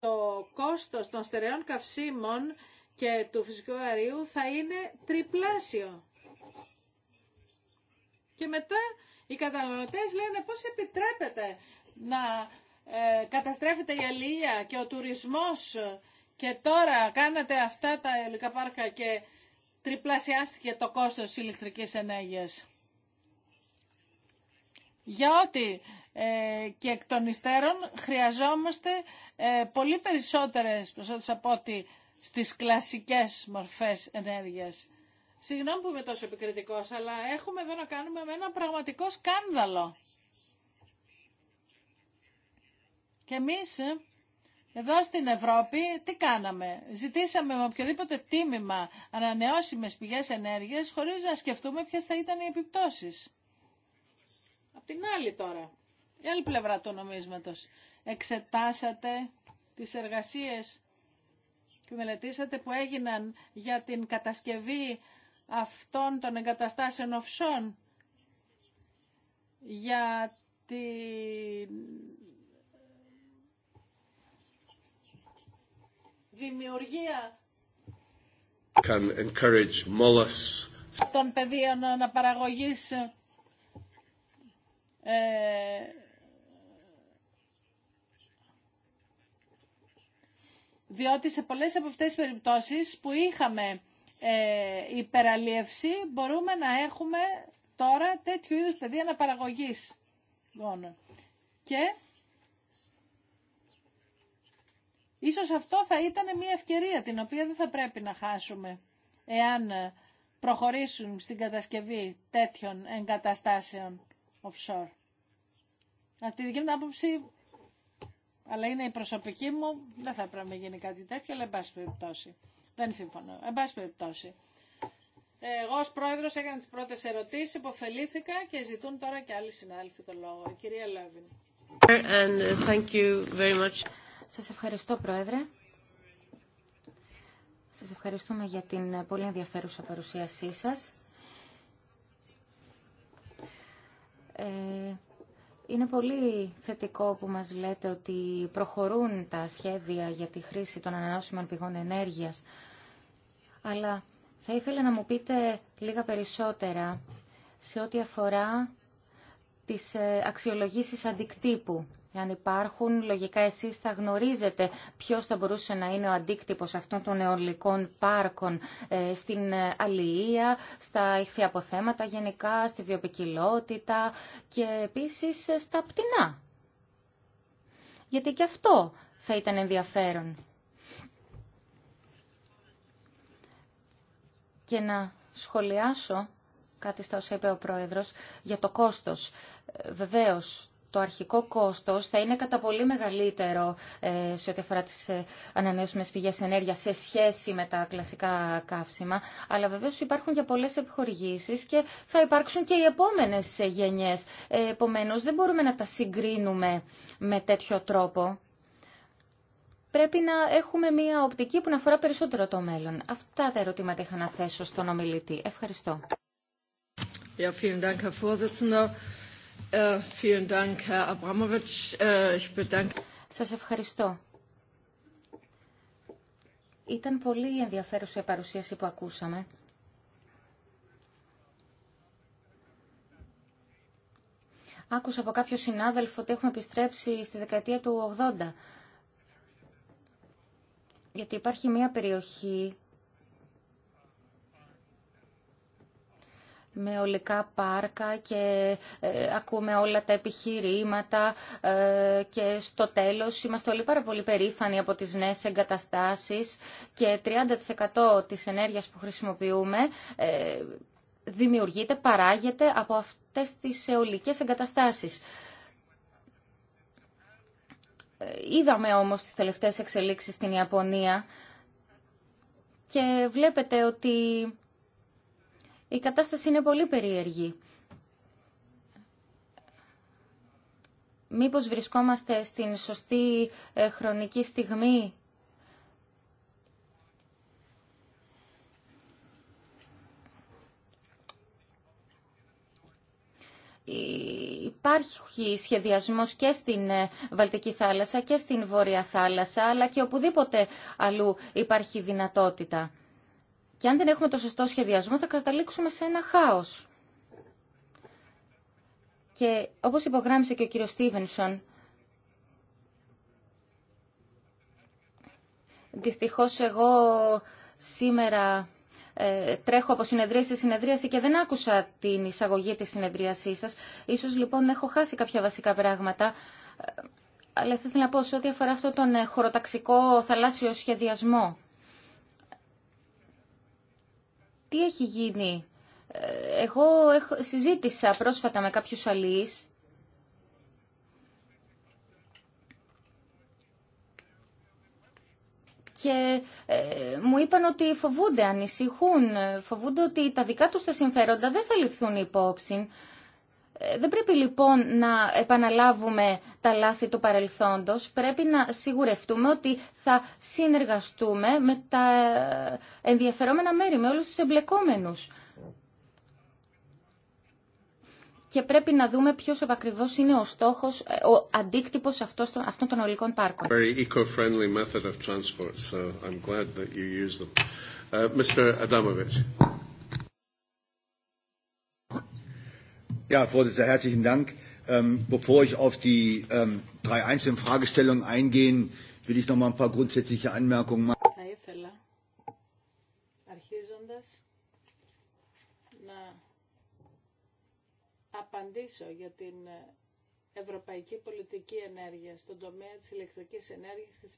το κόστος των στερεών καυσίμων και του φυσικού αερίου θα είναι τριπλάσιο. Και μετά οι καταναλωτές λένε πώς επιτρέπεται να ε, καταστρέφεται η αλληλεία και ο τουρισμός και τώρα κάνατε αυτά τα ελληνικά πάρκα και τριπλασιάστηκε το κόστος ηλεκτρικής ενέργειας. Για ε, και εκ των υστέρων χρειαζόμαστε ε, πολύ περισσότερες προσώτες από ό,τι στις κλασικές μορφές ενέργειας. Συγγνώμη που είμαι τόσο επικριτικός, αλλά έχουμε εδώ να κάνουμε με ένα πραγματικό σκάνδαλο. Και εμείς ε, εδώ στην Ευρώπη τι κάναμε. Ζητήσαμε με οποιοδήποτε τίμημα ανανεώσιμες πηγές ενέργειας χωρίς να σκεφτούμε ποιες θα ήταν οι επιπτώσεις. Απ' την άλλη τώρα, η άλλη πλευρά του νομίσματος. Εξετάσατε τις εργασίες που μελετήσατε που έγιναν για την κατασκευή αυτών των εγκαταστάσεων οψών για την δημιουργία Can encourage των πεδίων αναπαραγωγής ε, διότι σε πολλές από αυτές τις περιπτώσεις που είχαμε ε, υπεραλίευση μπορούμε να έχουμε τώρα τέτοιου είδους παιδί αναπαραγωγής Και ίσως αυτό θα ήταν μια ευκαιρία την οποία δεν θα πρέπει να χάσουμε εάν προχωρήσουν στην κατασκευή τέτοιων εγκαταστάσεων offshore. Από τη δική μου άποψη αλλά είναι η προσωπική μου, δεν θα πρέπει να γίνει κάτι τέτοιο, αλλά εν πάση περιπτώσει. Δεν συμφωνώ. Εν πάση περιπτώσει. Εγώ ως πρόεδρος έκανα τις πρώτες ερωτήσεις, υποφελήθηκα και ζητούν τώρα και άλλοι συνάδελφοι το λόγο. Κυρία Λέβιν. And uh, thank you very much. Σας ευχαριστώ πρόεδρε. Σας ευχαριστούμε για την ε, πολύ ενδιαφέρουσα παρουσίασή σας. Ε, είναι πολύ θετικό που μας λέτε ότι προχωρούν τα σχέδια για τη χρήση των ανανεώσιμων πηγών ενέργειας. Αλλά θα ήθελα να μου πείτε λίγα περισσότερα σε ό,τι αφορά τις ε, αξιολογήσεις αντικτύπου αν υπάρχουν, λογικά εσείς θα γνωρίζετε ποιος θα μπορούσε να είναι ο αντίκτυπος αυτών των αιωλικών πάρκων ε, στην ε, αλληλεία, στα ηχθιαποθέματα γενικά, στη βιοπικιλότητα και επίσης ε, στα πτηνά. Γιατί και αυτό θα ήταν ενδιαφέρον. Και να σχολιάσω κάτι στα όσα είπε ο Πρόεδρος για το κόστος. Βεβαίως, το αρχικό κόστος θα είναι κατά πολύ μεγαλύτερο ε, σε ό,τι αφορά τις ε, ανανεώσιμες πηγές ενέργειας σε σχέση με τα κλασικά καύσιμα. Αλλά βεβαίω υπάρχουν και πολλές επιχορηγήσεις και θα υπάρξουν και οι επόμενες ε, γενιές. Επομένω, δεν μπορούμε να τα συγκρίνουμε με τέτοιο τρόπο. Πρέπει να έχουμε μια οπτική που να αφορά περισσότερο το μέλλον. Αυτά τα ερωτήματα είχα να θέσω στον ομιλητή. Ευχαριστώ. Vorsitzender. Äh, äh, Σας ευχαριστώ. Ήταν πολύ ενδιαφέρουσα η παρουσίαση που ακούσαμε. Άκουσα από κάποιο συνάδελφο ότι έχουμε επιστρέψει στη δεκαετία του 80. Γιατί υπάρχει μια περιοχή με ολικά πάρκα και ε, ακούμε όλα τα επιχειρήματα ε, και στο τέλος είμαστε όλοι πάρα πολύ περήφανοι από τις νέες εγκαταστάσεις και 30% της ενέργειας που χρησιμοποιούμε ε, δημιουργείται, παράγεται από αυτές τις αιωλικές εγκαταστάσεις. Ε, είδαμε όμως τις τελευταίες εξελίξεις στην Ιαπωνία και βλέπετε ότι η κατάσταση είναι πολύ περίεργη. Μήπως βρισκόμαστε στην σωστή ε, χρονική στιγμή υπάρχει σχεδιασμός και στην ε, Βαλτική θάλασσα και στην Βόρεια θάλασσα, αλλά και οπουδήποτε αλλού υπάρχει δυνατότητα. Και αν δεν έχουμε το σωστό σχεδιασμό θα καταλήξουμε σε ένα χάος. Και όπως υπογράμμισε και ο κύριος Στίβενσον, δυστυχώς εγώ σήμερα ε, τρέχω από συνεδρία σε συνεδρίαση και δεν άκουσα την εισαγωγή της συνεδρίασής σας. Ίσως λοιπόν έχω χάσει κάποια βασικά πράγματα. Ε, αλλά θα ήθελα να πω σε ό,τι αφορά αυτόν τον ε, χωροταξικό θαλάσσιο σχεδιασμό τι έχει γίνει. Ε, εγώ έχω, συζήτησα πρόσφατα με κάποιους αλληλείς και ε, μου είπαν ότι φοβούνται, ανησυχούν, φοβούνται ότι τα δικά τους τα συμφέροντα δεν θα ληφθούν υπόψη ε, δεν πρέπει λοιπόν να επαναλάβουμε τα λάθη του παρελθόντος. Πρέπει να σιγουρευτούμε ότι θα συνεργαστούμε με τα ε, ενδιαφερόμενα μέρη, με όλους τους εμπλεκόμενους. Και πρέπει να δούμε ποιος επακριβώς είναι ο στόχος, ε, ο αντίκτυπος αυτών των ολικών πάρκων. Ja, Vorsitzender, herzlichen Dank. Bevor ich auf die drei einzelnen Fragestellungen eingehen, will ich noch mal ein paar grundsätzliche Anmerkungen machen. απαντήσω για την ευρωπαϊκή πολιτική ενέργεια στον τομέα της ηλεκτρικής ενέργειας και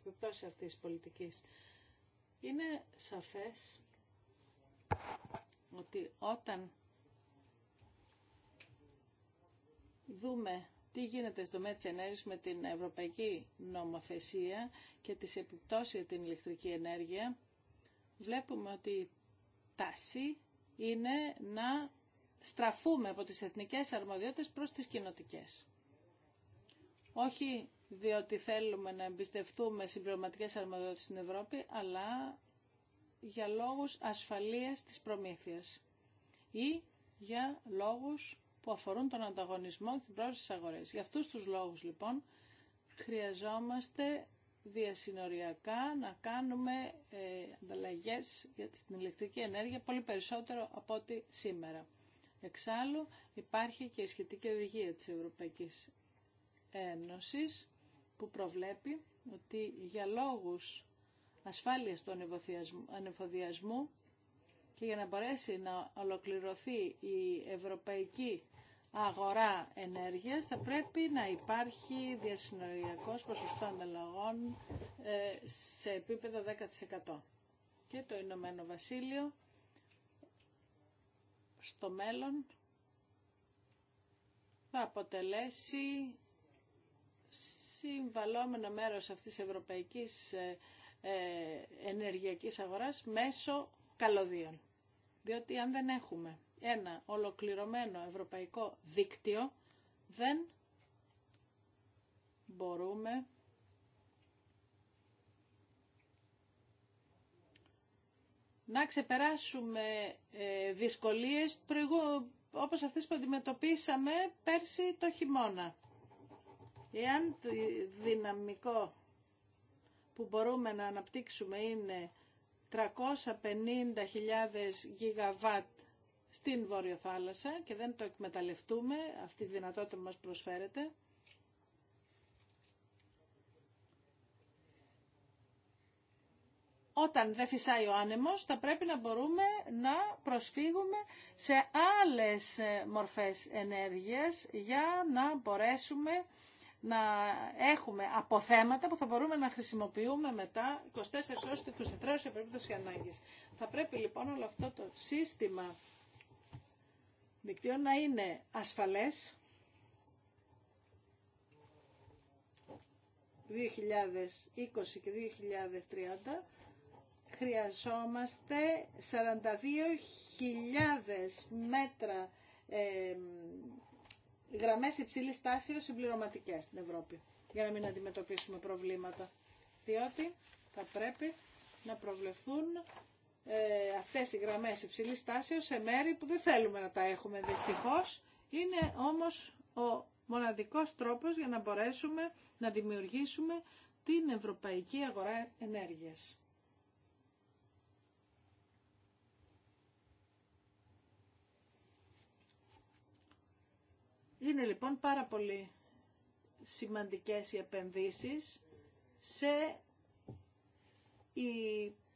δούμε τι γίνεται στο τομέα της με την ευρωπαϊκή νομοθεσία και τις επιπτώσεις την ηλεκτρική ενέργεια, βλέπουμε ότι η τάση είναι να στραφούμε από τις εθνικές αρμοδιότητες προς τις κοινοτικές. Όχι διότι θέλουμε να εμπιστευτούμε συμπληρωματικές αρμοδιότητες στην Ευρώπη, αλλά για λόγους ασφαλείας της προμήθειας ή για λόγους που αφορούν τον ανταγωνισμό και την πρόοδο στις αγορές. Για αυτούς τους λόγους λοιπόν χρειαζόμαστε διασυνοριακά να κάνουμε ε, ανταλλαγές για την ηλεκτρική ενέργεια πολύ περισσότερο από ό,τι σήμερα. Εξάλλου υπάρχει και η σχετική οδηγία της Ευρωπαϊκής Ένωσης που προβλέπει ότι για λόγους ασφάλειας του ανεφοδιασμού και για να μπορέσει να ολοκληρωθεί η ευρωπαϊκή αγορά ενέργειας θα πρέπει να υπάρχει διασυνοριακός ποσοστό ανταλλαγών ε, σε επίπεδο 10%. Και το Ηνωμένο Βασίλειο στο μέλλον θα αποτελέσει συμβαλόμενο μέρος αυτής της ευρωπαϊκής ε, ε, ενεργειακής αγοράς μέσω καλωδίων. Διότι αν δεν έχουμε ένα ολοκληρωμένο ευρωπαϊκό δίκτυο δεν μπορούμε να ξεπεράσουμε ε, δυσκολίες όπως αυτές που αντιμετωπίσαμε πέρσι το χειμώνα. Εάν το δυναμικό που μπορούμε να αναπτύξουμε είναι 350.000 γιγαβάτ στην Βόρειο Θάλασσα και δεν το εκμεταλλευτούμε, αυτή τη δυνατότητα που μας προσφέρεται. Όταν δεν φυσάει ο άνεμος, θα πρέπει να μπορούμε να προσφύγουμε σε άλλες ε, μορφές ενέργειας για να μπορέσουμε να έχουμε αποθέματα που θα μπορούμε να χρησιμοποιούμε μετά 24 ώρες, 24 ώρες σε περίπτωση ανάγκης. Θα πρέπει λοιπόν όλο αυτό το σύστημα δικτύο να είναι ασφαλές 2020 και 2030 χρειαζόμαστε 42.000 μέτρα ε, γραμμές υψηλής τάσης συμπληρωματικές στην Ευρώπη για να μην αντιμετωπίσουμε προβλήματα διότι θα πρέπει να προβλεφθούν ε, αυτές οι γραμμές υψηλή τάσεως σε μέρη που δεν θέλουμε να τα έχουμε δυστυχώς. Είναι όμως ο μοναδικός τρόπος για να μπορέσουμε να δημιουργήσουμε την ευρωπαϊκή αγορά ενέργειας. Είναι λοιπόν πάρα πολύ σημαντικές οι επενδύσεις σε οι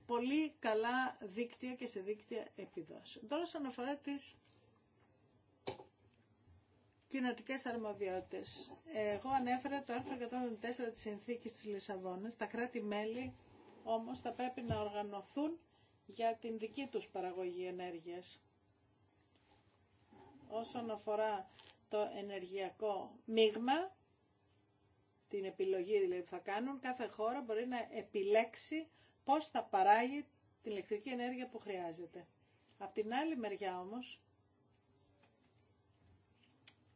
πολύ καλά δίκτυα και σε δίκτυα επιδόσεων. Τώρα όσον αφορά τις κοινωτικές αρμοδιότητες. Εγώ ανέφερα το άρθρο 104 της Συνθήκης της Λισαβόνας. Τα κράτη-μέλη όμως θα πρέπει να οργανωθούν για την δική τους παραγωγή ενέργειας. Όσον αφορά το ενεργειακό μείγμα, την επιλογή δηλαδή που θα κάνουν, κάθε χώρα μπορεί να επιλέξει πώς θα παράγει την ηλεκτρική ενέργεια που χρειάζεται. Απ' την άλλη μεριά όμως,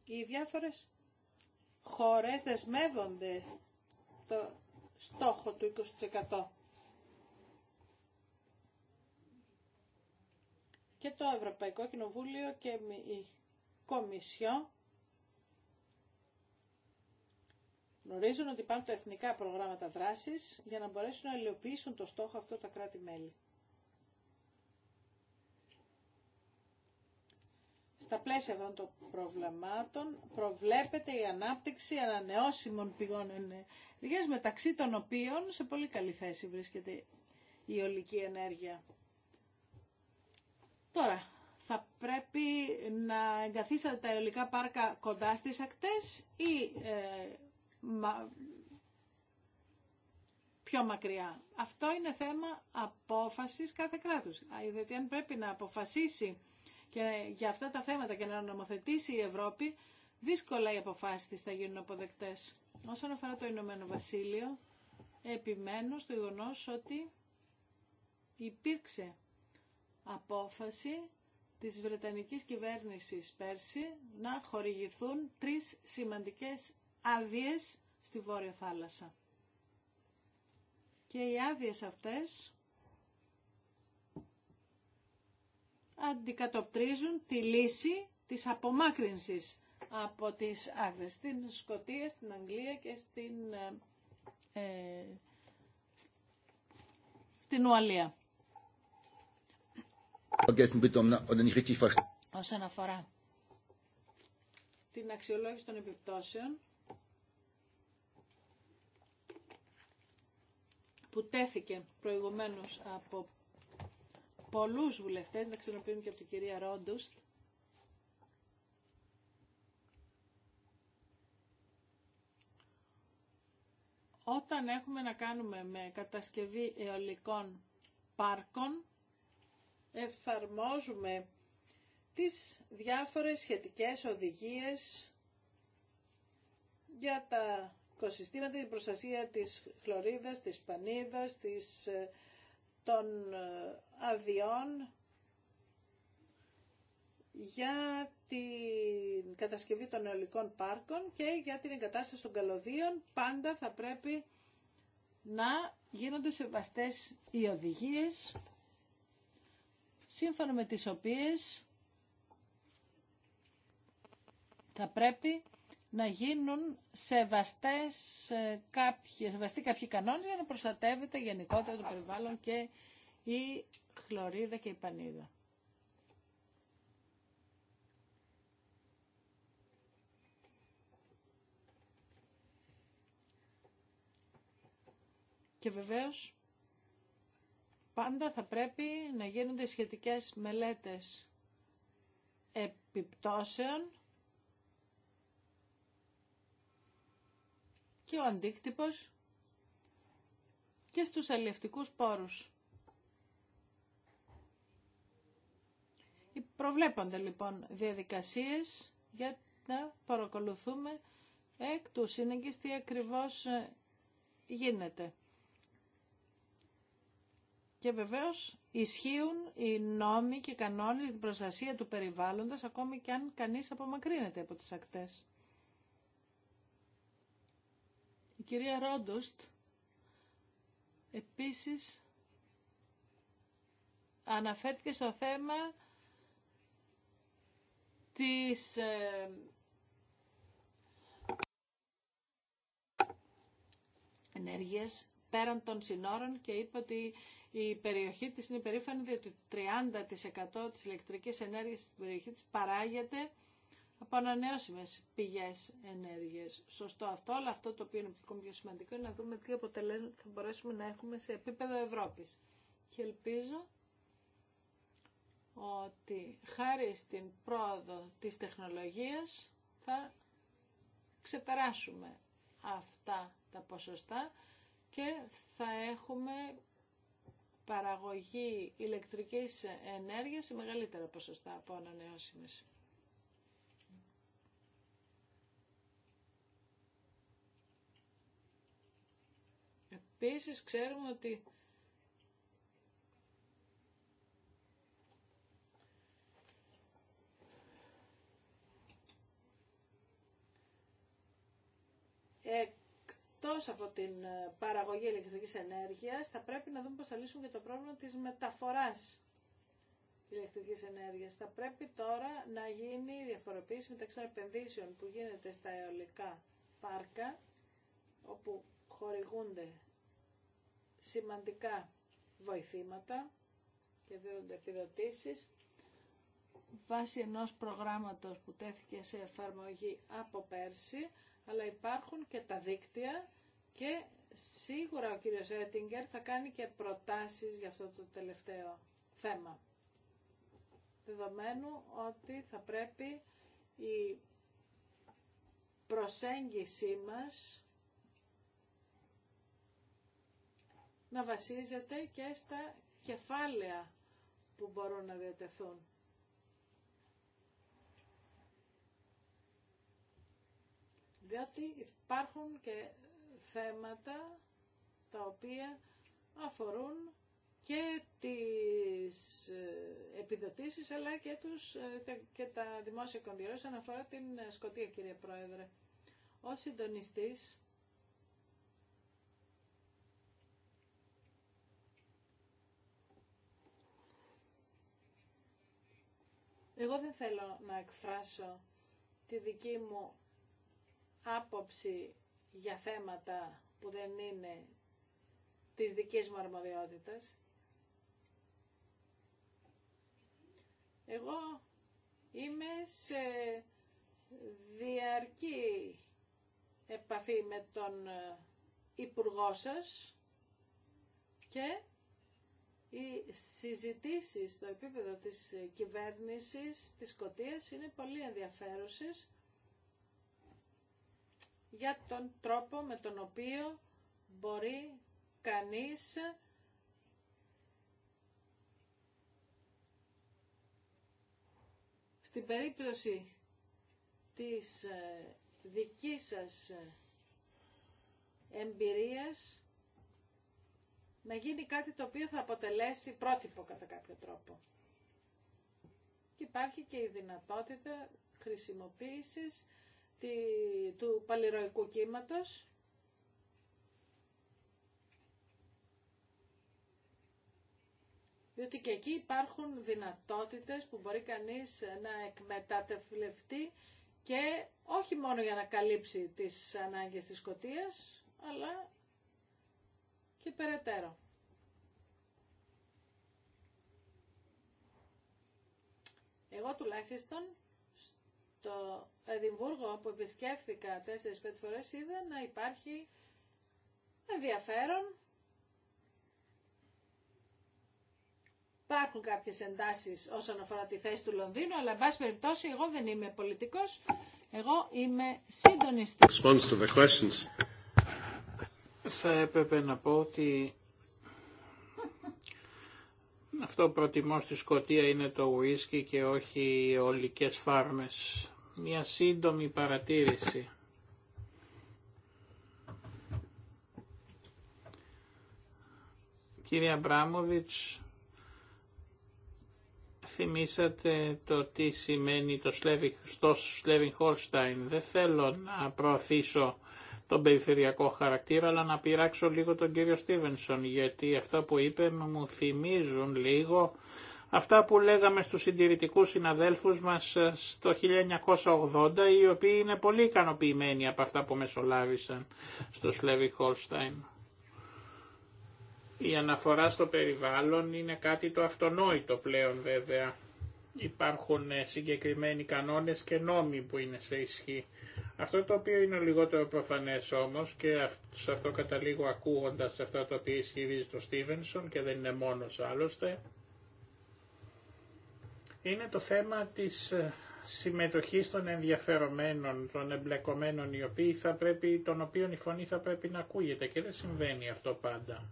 οι διάφορες χώρες δεσμεύονται το στόχο του 20%. Και το Ευρωπαϊκό Κοινοβούλιο και η Κομισιό Γνωρίζουν ότι υπάρχουν τα εθνικά προγράμματα δράση για να μπορέσουν να υλοποιήσουν το στόχο αυτό τα κράτη-μέλη. Στα πλαίσια αυτών των προβλημάτων προβλέπεται η ανάπτυξη ανανεώσιμων πηγών ενέργειας, μεταξύ των οποίων σε πολύ καλή θέση βρίσκεται η ολική ενέργεια. Τώρα, θα πρέπει να εγκαθίσετε τα αιωλικά πάρκα κοντά στις ακτές ή ε, πιο μακριά. Αυτό είναι θέμα απόφασης κάθε κράτους. Διότι αν πρέπει να αποφασίσει και για αυτά τα θέματα και να νομοθετήσει η Ευρώπη, δύσκολα οι αποφάσεις της θα γίνουν αποδεκτές. Όσον αφορά το Ηνωμένο Βασίλειο, επιμένω στο γεγονό ότι υπήρξε απόφαση της Βρετανικής κυβέρνησης πέρσι να χορηγηθούν τρεις σημαντικές άδειε στη Βόρεια Θάλασσα. Και οι άδειε αυτές αντικατοπτρίζουν τη λύση της απομάκρυνσης από τις άδειε. στην Σκοτία, στην Αγγλία και στην, ε, ε στην Ουαλία. Όσον αφορά την αξιολόγηση των επιπτώσεων, που τέθηκε προηγουμένως από πολλούς βουλευτές, να ξενοποιούμε και από την κυρία Ρόντουστ, όταν έχουμε να κάνουμε με κατασκευή αιωλικών πάρκων, εφαρμόζουμε τις διάφορες σχετικές οδηγίες για τα οικοσυστήματα, την προστασία της χλωρίδας, της πανίδας, της, ε, των ε, αδειών για την κατασκευή των νεολικών πάρκων και για την εγκατάσταση των καλωδίων πάντα θα πρέπει να γίνονται σεβαστές οι οδηγίες σύμφωνα με τις οποίες θα πρέπει να γίνουν σεβαστές ε, κάποιοι, σεβαστοί κάποιοι κανόνες για να προστατεύεται γενικότερα το περιβάλλον και η χλωρίδα και η πανίδα. Και βεβαίως πάντα θα πρέπει να γίνονται σχετικές μελέτες επιπτώσεων και ο αντίκτυπος και στους αλληλευτικούς πόρους. Προβλέπονται λοιπόν διαδικασίες για να παρακολουθούμε εκ του σύνεγγις τι ακριβώς ε, γίνεται. Και βεβαίως ισχύουν οι νόμοι και οι κανόνες για την προστασία του περιβάλλοντος ακόμη και αν κανείς απομακρύνεται από τις ακτές. κυρία Ρόντοστ επίσης αναφέρθηκε στο θέμα της ε, ενέργειας πέραν των συνόρων και είπε ότι η περιοχή της είναι περήφανη διότι 30% της ηλεκτρικής ενέργειας στην περιοχή της παράγεται από ανανεώσιμε πηγέ ενέργεια. Σωστό αυτό, αλλά αυτό το οποίο είναι πιο σημαντικό είναι να δούμε τι αποτελέσματα θα μπορέσουμε να έχουμε σε επίπεδο Ευρώπη. Και ελπίζω ότι χάρη στην πρόοδο της τεχνολογίας θα ξεπεράσουμε αυτά τα ποσοστά και θα έχουμε παραγωγή ηλεκτρικής ενέργειας σε μεγαλύτερα ποσοστά από ανανεώσιμες. Επίσης ξέρουμε ότι εκτός από την ε, παραγωγή ηλεκτρικής ενέργειας θα πρέπει να δούμε πώς θα λύσουμε και το πρόβλημα της μεταφοράς ηλεκτρικής ενέργειας. Θα πρέπει τώρα να γίνει η διαφοροποίηση μεταξύ των επενδύσεων που γίνεται στα αεολικά πάρκα όπου χορηγούνται σημαντικά βοηθήματα και δίνονται επιδοτήσεις βάσει ενός προγράμματος που τέθηκε σε εφαρμογή από πέρσι, αλλά υπάρχουν και τα δίκτυα και σίγουρα ο κύριος Έτιγκερ θα κάνει και προτάσεις για αυτό το τελευταίο θέμα. Δεδομένου ότι θα πρέπει η προσέγγιση μας να βασίζεται και στα κεφάλαια που μπορούν να διατεθούν. Διότι υπάρχουν και θέματα τα οποία αφορούν και τις ε, επιδοτήσεις αλλά και, τους, ε, και τα δημόσια κονδυλώσεις αναφορά την ε, Σκοτία κύριε Πρόεδρε. Ο συντονιστής Εγώ δεν θέλω να εκφράσω τη δική μου άποψη για θέματα που δεν είναι της δικής μου αρμοδιότητας. Εγώ είμαι σε διαρκή επαφή με τον ε, υπουργό σας και οι συζητήσεις στο επίπεδο της κυβέρνησης της Σκοτίας είναι πολύ ενδιαφέρουσες για τον τρόπο με τον οποίο μπορεί κανείς στην περίπτωση της ε, δικής σας ε, εμπειρίας να γίνει κάτι το οποίο θα αποτελέσει πρότυπο κατά κάποιο τρόπο. Και υπάρχει και η δυνατότητα χρησιμοποίησης του παλιροϊκού κύματος διότι και εκεί υπάρχουν δυνατότητες που μπορεί κανείς να εκμετατευλευτεί και όχι μόνο για να καλύψει τις ανάγκες της σκοτίας, αλλά και περαιτέρω. Εγώ τουλάχιστον στο Εδιμβούργο που επισκέφθηκα 4-5 φορές είδα να υπάρχει ενδιαφέρον. Υπάρχουν κάποιες εντάσεις όσον αφορά τη θέση του Λονδίνου, αλλά εν πάση περιπτώσει εγώ δεν είμαι πολιτικός, εγώ είμαι συντονιστής θα έπρεπε να πω ότι αυτό που προτιμώ στη Σκωτία είναι το ουίσκι και όχι οι ολικές φάρμες. Μια σύντομη παρατήρηση. Κύριε Αμπράμοβιτς, θυμήσατε το τι σημαίνει το Σλέβιν Χόλσταϊν. Δεν θέλω να προωθήσω τον περιφερειακό χαρακτήρα, αλλά να πειράξω λίγο τον κύριο Στίβενσον, γιατί αυτά που είπε μου θυμίζουν λίγο αυτά που λέγαμε στους συντηρητικούς συναδέλφους μας ε, στο 1980, οι οποίοι είναι πολύ ικανοποιημένοι από αυτά που μεσολάβησαν στο Σλέβι Χολστάιν. Η αναφορά στο περιβάλλον είναι κάτι το αυτονόητο πλέον βέβαια υπάρχουν ε, συγκεκριμένοι κανόνες και νόμοι που είναι σε ισχύ. Αυτό το οποίο είναι λιγότερο προφανές όμως και σε αυτό καταλήγω ακούγοντας αυτά τα οποία ισχυρίζει το Στίβενσον και δεν είναι μόνος άλλωστε, είναι το θέμα της ε, συμμετοχής των ενδιαφερομένων, των εμπλεκομένων, οι οποίοι θα πρέπει, των οποίων η φωνή θα πρέπει να ακούγεται και δεν συμβαίνει αυτό πάντα.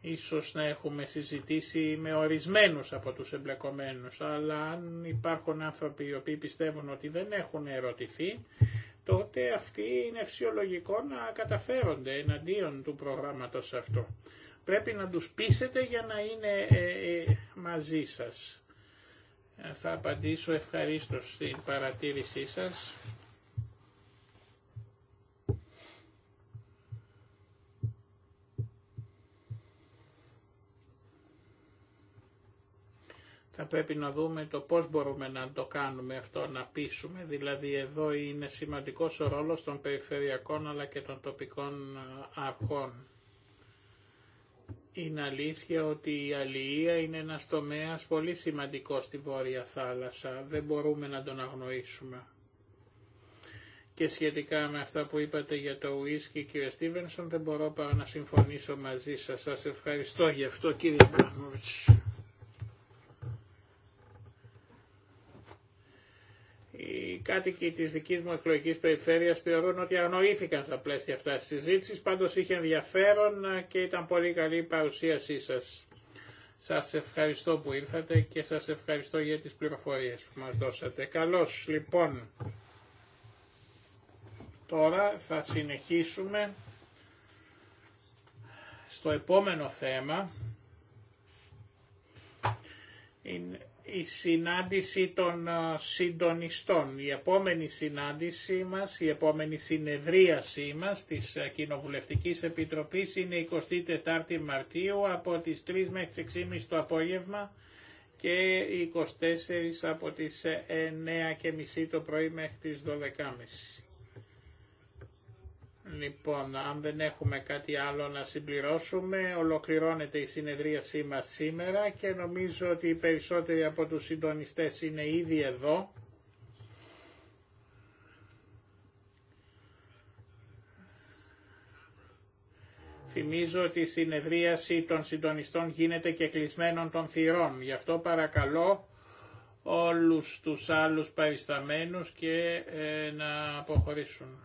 Ίσως να έχουμε συζητήσει με ορισμένους από τους εμπλεκομένους, αλλά αν υπάρχουν άνθρωποι οι οποίοι πιστεύουν ότι δεν έχουν ερωτηθεί, τότε αυτοί είναι φυσιολογικό να καταφέρονται εναντίον του προγράμματος αυτό. Πρέπει να τους πείσετε για να είναι ε, ε, μαζί σας. Θα απαντήσω ευχαρίστως στην παρατήρησή σας. θα πρέπει να δούμε το πώς μπορούμε να το κάνουμε αυτό, να πείσουμε. Δηλαδή εδώ είναι σημαντικός ο ρόλος των περιφερειακών αλλά και των τοπικών ε, αρχών. Είναι αλήθεια ότι η αλληλεία είναι ένας τομέας πολύ σημαντικός στη Βόρεια Θάλασσα. Δεν μπορούμε να τον αγνοήσουμε. Και σχετικά με αυτά που είπατε για το ουίσκι κύριε Στίβενσον δεν μπορώ παρά να συμφωνήσω μαζί σας. Σας ευχαριστώ γι' αυτό κύριε οι κάτοικοι της δικής μου εκλογικής περιφέρειας θεωρούν ότι αγνοήθηκαν στα πλαίσια αυτά της συζήτησης, πάντως είχε ενδιαφέρον και ήταν πολύ καλή η παρουσίασή σας. Σας ευχαριστώ που ήρθατε και σας ευχαριστώ για τις πληροφορίες που μας δώσατε. Καλώς, λοιπόν, τώρα θα συνεχίσουμε στο επόμενο θέμα. Είναι η συνάντηση των ε, συντονιστών. Η επόμενη συνάντησή μας, η επόμενη συνεδρίασή μας της ε, Κοινοβουλευτικής Επιτροπής είναι 24η Μαρτίου από τις 3 μέχρι τις 6.30 το απόγευμα και 24 από τις 9.30 ε, το πρωί μέχρι τις 12.30. Λοιπόν, αν δεν έχουμε κάτι άλλο να συμπληρώσουμε, ολοκληρώνεται η συνεδρίασή μας σήμερα και νομίζω ότι οι περισσότεροι από τους συντονιστές είναι ήδη εδώ. Θυμίζω ότι η συνεδρίαση των συντονιστών γίνεται και κλεισμένων των θυρών. Γι' αυτό παρακαλώ όλους τους άλλους παρισταμένους και ε, να αποχωρήσουν.